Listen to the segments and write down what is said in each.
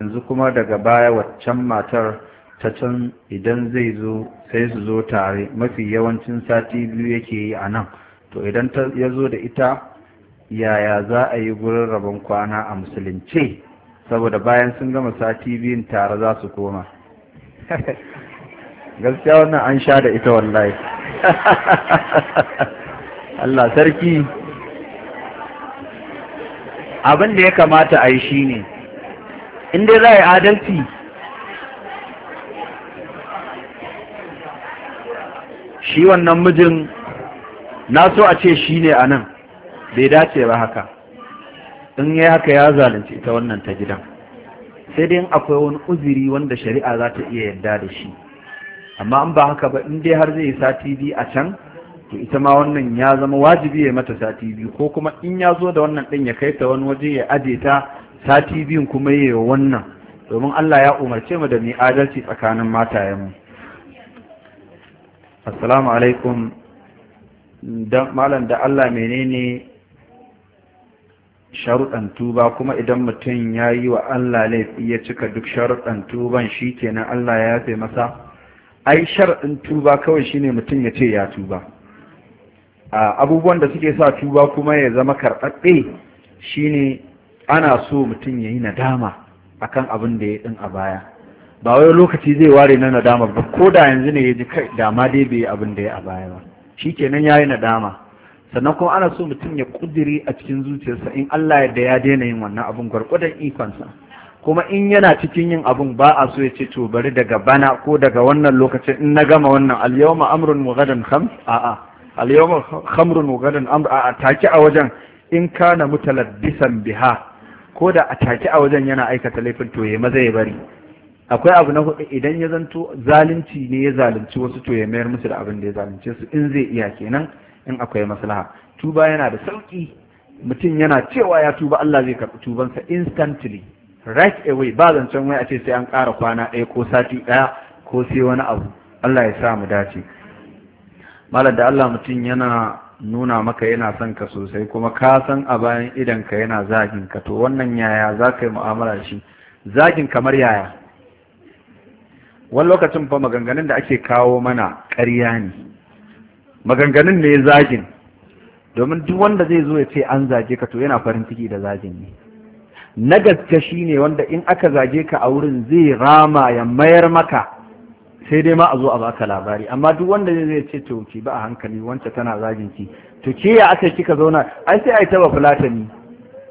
yanzu kuma daga baya waccan matar ta can idan zai zo sai su zo tare mafi yawancin sati biyu yake yi a nan to idan ya zo da ita yaya za a yi gurin rabon kwana a musulunce saboda bayan sun gama sati biyun tare za su koma gaskiya wannan an sha da ita wallahi Allah sarki abin da ya kamata a yi shi ne in dai za a yi adalci shi wannan mijin na so a ce shi ne a nan bai dace ba haka in ya haka ya zalunci ita wannan ta gidan sai dai akwai wani uziri wanda shari'a za ta iya yarda da shi amma an ba haka ba in har zai sati biyu a can to ita ma wannan ya zama wajibi ya mata sati biyu ko kuma in ya zo da wannan ɗin ya kai ta wani waje ya aje ta sati biyun kuma yi wa wannan domin Allah ya umarce mu da mai adalci tsakanin matayenmu assalamu alaikum malam da Allah menene sharuɗan tuba kuma idan mutum ya yi wa Allah laifi ya cika duk sharuɗan tuban shi kenan Allah ya yafe masa ai sharuɗan tuba kawai ne mutum ya ce ya tuba abubuwan da suke sa tuba kuma ya zama karɓaɓɓe ne. ana so mutum ya yi nadama a kan abin da ya ɗin a baya ba wai lokaci zai ware na nadama ba ko da yanzu ne ya ji kai dama dai bai abin da ya a baya ba shi kenan ya yi nadama sannan kuma ana so mutum ya kudiri a cikin zuciyarsa in Allah yadda ya daina yin wannan abin gwargwadon ikonsa kuma in yana cikin yin abin ba a so ya ce to bari daga bana ko daga wannan lokacin in na gama wannan al-yawma amrun wa kham a a yawma khamrun wa amr a take a wajen in kana bisan biha ko da a take a wajen yana aikata laifin to ya maza ya bari akwai abu na hudu idan ya zanto zalunci ne ya zalunci wasu to ya mayar musu da abin da ya zalunce su in zai iya kenan in akwai maslaha tuba yana da sauki mutum yana cewa ya tuba Allah zai karɓi tubansa instantly right away ba zancen wai a ce sai an ƙara kwana ɗaya ko sati ɗaya ko sai wani abu Allah ya sa mu dace malam da Allah mutum yana nuna maka yana son ka sosai kuma ka san a bayan idan ka yana zagin ka to wannan yaya za ka yi mu'amala shi zagin kamar yaya wani lokacin fa maganganun da ake kawo mana ƙarya ne maganganun ne zagin domin duk wanda zai zo ya ce an zage ka to yana farin ciki da zagin ne na gaske shine wanda in aka zage ka a wurin zai rama ya mayar maka sai dai ma a zo a baka labari amma duk wanda zai ce to ki ba a hankali wancan tana zagin ki to ke ya aka kika zauna ai sai ai ta ba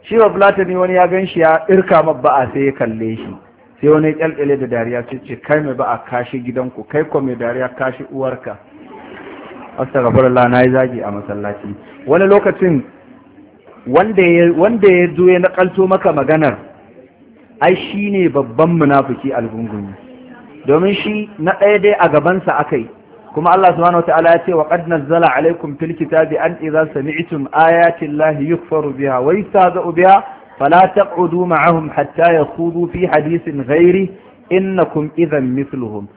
shi ba wani ya ganshi ya irka ma ba'a sai ya kalle shi sai wani kyalkyale da dariya ce ce kai mai ba a kashi gidanku kai ko mai dariya kashi uwarka astagfirullah na yi zagi a masallaci wani lokacin wanda ya wanda ya zo ya nakalto maka maganar ai shine babban munafiki algungumi domin shi na ɗaya dai a gabansa akai kuma Allah subhanahu wataala ya ce wa qad nazzala alaykum fil kitabi an idza sami'tum ayati llahi yukfaru biha wa yastahza'u biha fala taq'udu ma'ahum hatta yakhudu fi hadithin ghairi innakum idhan mithluhum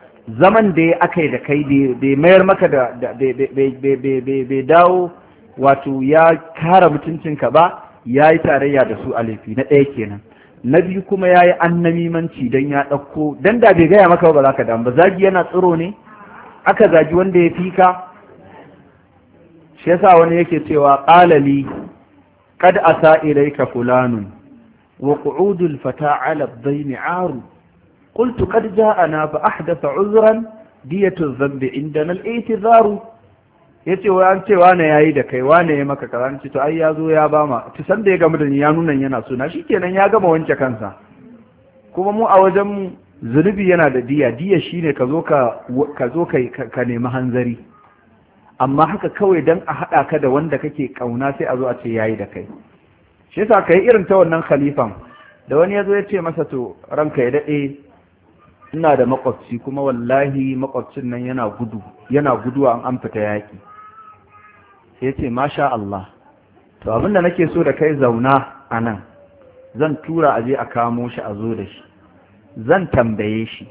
zaman da ya akai da kai bai mayar maka da bai dawo wato ya kara mutuncinka ba ya yi tarayya da su a laifi na ɗaya kenan na biyu kuma ya yi annamimanci don ya ɗauko don da bai gaya maka ba za ka damu ba zagi yana tsiro ne aka zagi wanda ya fi ka shi yasa wani yake cewa ƙalali kad asa ilaika fulanun wa ƙu'udul fata zai bayni aru qultu kad ja'ana fa ahdatha uzran diyatu dhanbi indana al-i'tizaru ya ce wa an ce wane ya yi da kai wane ya maka kara ce to ai ya zo ya ba ma to san da ya gama da ni ya nuna yana so na kenan ya gama wanke kansa kuma mu a wajen zunubi yana da diya diya shine ka zo ka ka nemi hanzari amma haka kawai dan a haɗa ka da wanda kake kauna sai a zo a ce yi da kai shi yasa kai irin ta wannan khalifan da wani ya zo ya ce masa to ranka ya dade ina da makwabci kuma wallahi makwabcin nan yana gudu yana guduwa an fita yaki sai ce masha Allah to abinda nake so da kai zauna a nan zan tura aje a kamo shi a zo da shi zan tambaye shi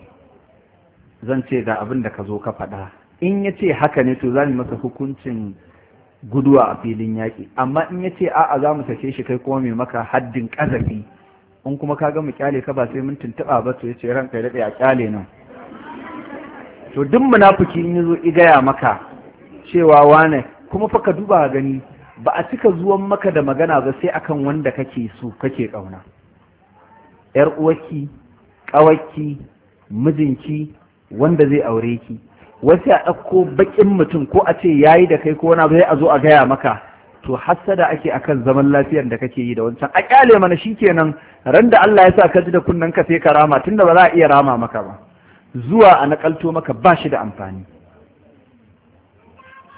zan ce da abin ka zo ka faɗa in ya ce haka ne to za mu masa hukuncin guduwa a filin yaƙi amma in ya ce a'a za mu sake shi kai kuma mai maka haddin ƙazafi in kuma ka ga mu kyale ka ba sai mun tuntuɓa ba to ya ce ranka ya daɗe a kyale nan to duk munafuki in ya zo i gaya maka cewa wane kuma fa ka duba gani ba a cika zuwan maka da magana ba sai akan wanda kake so kake kauna yar uwarki ƙawarki mijinki wanda zai aure ki wasu a ɗauko baƙin mutum ko a ce yayi da kai ko wani abu zai a zo a gaya maka to hassada ake akan zaman lafiyar da kake yi da wancan a kyale mana shikenan ran da Allah ya sa ka ji da kunnen ka sai ka rama tunda ba za a iya rama maka ba zuwa a nakalto maka ba shi da amfani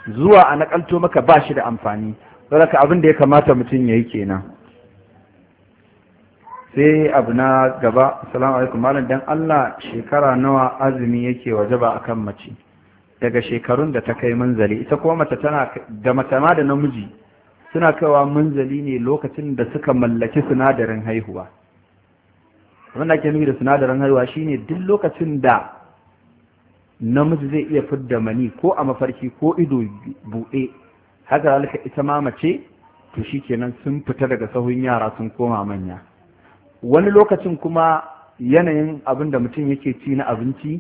zuwa a nakalto maka ba shi da amfani saboda abin da ya kamata mutum ya yi kenan sai abu na gaba assalamu alaikum malam dan Allah shekara nawa azumi yake a kan mace daga shekarun da ta kai manzali ita kuma mata tana da mace da namiji suna kaiwa manzali ne lokacin da suka mallaki sinadarin haihuwa abin ke nufi da sinadarin haihuwa shine duk lokacin da namiji zai iya fidda mani ko a mafarki ko ido buɗe haka halika ita ma mace to shikenan sun fita daga sahun yara sun koma manya wani lokacin kuma yanayin abin da mutum yake ci na abinci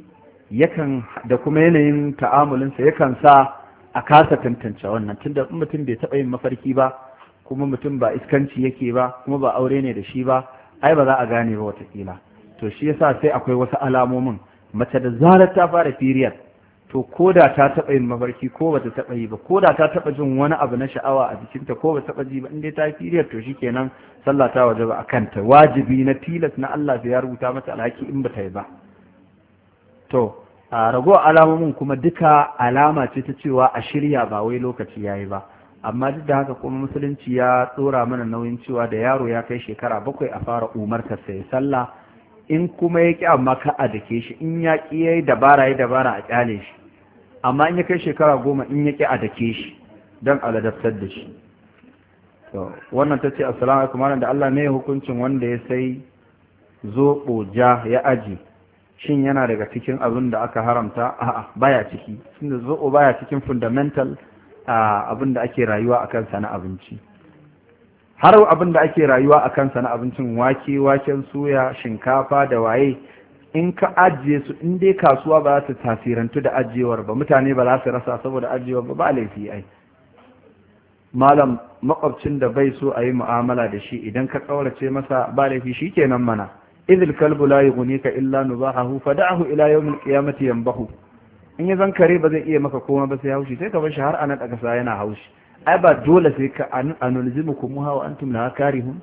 yakan da kuma yanayin ta'amulinsa yakan sa a kasa tantance wannan tunda in mutum bai taɓa yin mafarki ba kuma mutum ba iskanci yake ba kuma ba aure ne da shi ba ai ba za a gane ba watakila to shi yasa sai akwai wasu alamomin mace da zarar ta fara period to ko da ta taɓa yin mafarki ko bata taɓa yi ba ko da ta taba jin wani abu na sha'awa a jikinta ko bata taɓa ji ba In dai ta yi firiyar to shi shikenan sallah ta waje ba a kanta wajibi na tilas na Allah da ya rubuta mata alhaki in bata yi ba to a rago alamomin kuma duka alama ce ta cewa a shirya ba wai lokaci yayi ba amma duk da haka kuma musulunci ya tsora mana nauyin cewa da yaro ya kai shekara bakwai a fara umarta sai sallah in kuma ya ƙi amma ka a dake shi in ya ƙi ya yi dabara ya dabara a ƙyale shi amma in ya kai shekara goma in ya ƙi a dake shi don aladaftar da shi wannan ta ce assalamu alaikum da Allah ne hukuncin wanda ya sai zoɓo ja ya aji shin yana daga cikin abin da aka haramta a'a baya ciki tunda zoɓo baya cikin fundamental ah, abin da ake rayuwa a kansa na abinci har abin da ake rayuwa a kansa na abincin wake waken soya shinkafa da waye in ka ajiye su in dai kasuwa ba za ta tasirantu da ajiyewar ba mutane ba za su rasa saboda ajiyewar ba ba laifi ai malam makwabcin da bai so a yi mu'amala da shi idan ka kaurace masa ba laifi shi kenan mana idil kalbu la yughnika illa nubahahu fad'ahu ila yawmil qiyamati yanbahu in ya zan kare ba zai iya maka koma ba sai haushi sai ka bar shi har anan daga sa yana haushi ai ba dole sai ka anulzimu kuma hawa antum na karihun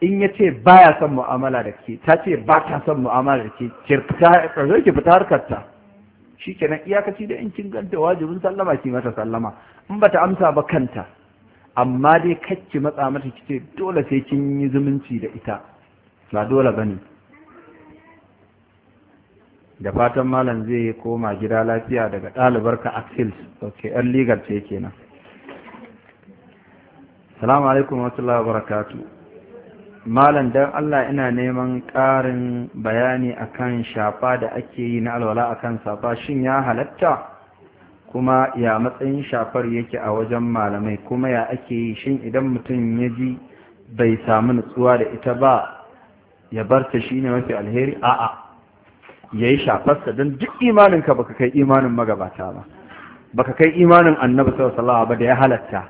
in ya ce ba ya son mu'amala da ke ta ce ba ta son mu'amala da ke ƙarzar ki fita harkarta shi kenan iyakaci da in kin ganta wajibin sallama ki mata sallama in ba ta amsa ba kanta amma dai kacce matsa mata kice, ce dole sai kin yi zumunci da ita ba dole ba ne da fatan malam zai koma gida lafiya daga ɗalibar ka ok yan ligar ce kenan salamu alaikum wa rahmatullahi wa barakatu malam dan Allah ina neman ƙarin bayani akan shafa da ake yi na alwala akan safa shin ya halatta kuma ya matsayin shafar yake a wajen malamai kuma ya ake yi shin idan mutum ya ji bai samu nutsuwa da ita ba ya barta shine mafi alheri a'a ya yi shafarsa don duk imaninka baka kai imanin magabata ba baka kai imanin annabi salawa ba da ya halatta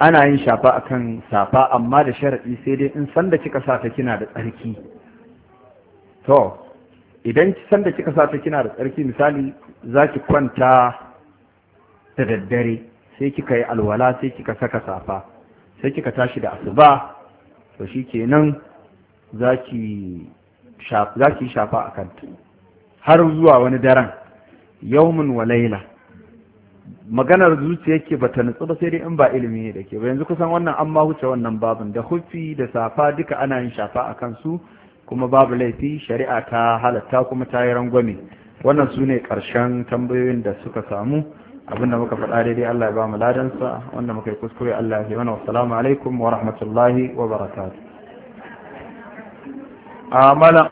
ana yin shafa akan safa amma da sharaɗi sai dai in sanda kika sa ta kina da tsarki to idan sanda kika sa ta kina da tsarki misali za ki kwanta da daddare sai kika yi alwala sai kika saka safa sai kika tashi da asuba to shi za ki shafa a kanta. har zuwa wani daren yawmun wa laila maganar zuciya yake ba ta nutsu ba sai dai in ba ilimi ne da ke ba yanzu kusan wannan an ma huce wannan babin da hufi da safa duka ana yin shafa a kansu kuma babu laifi shari'a ta halatta kuma ta yi rangwame wannan su ne ƙarshen tambayoyin da suka samu abinda muka faɗa daidai Allah ya ba mu ladansa wanda muka yi kuskure Allah ya mana wasalamu alaikum wa rahmatullahi wa barakatuh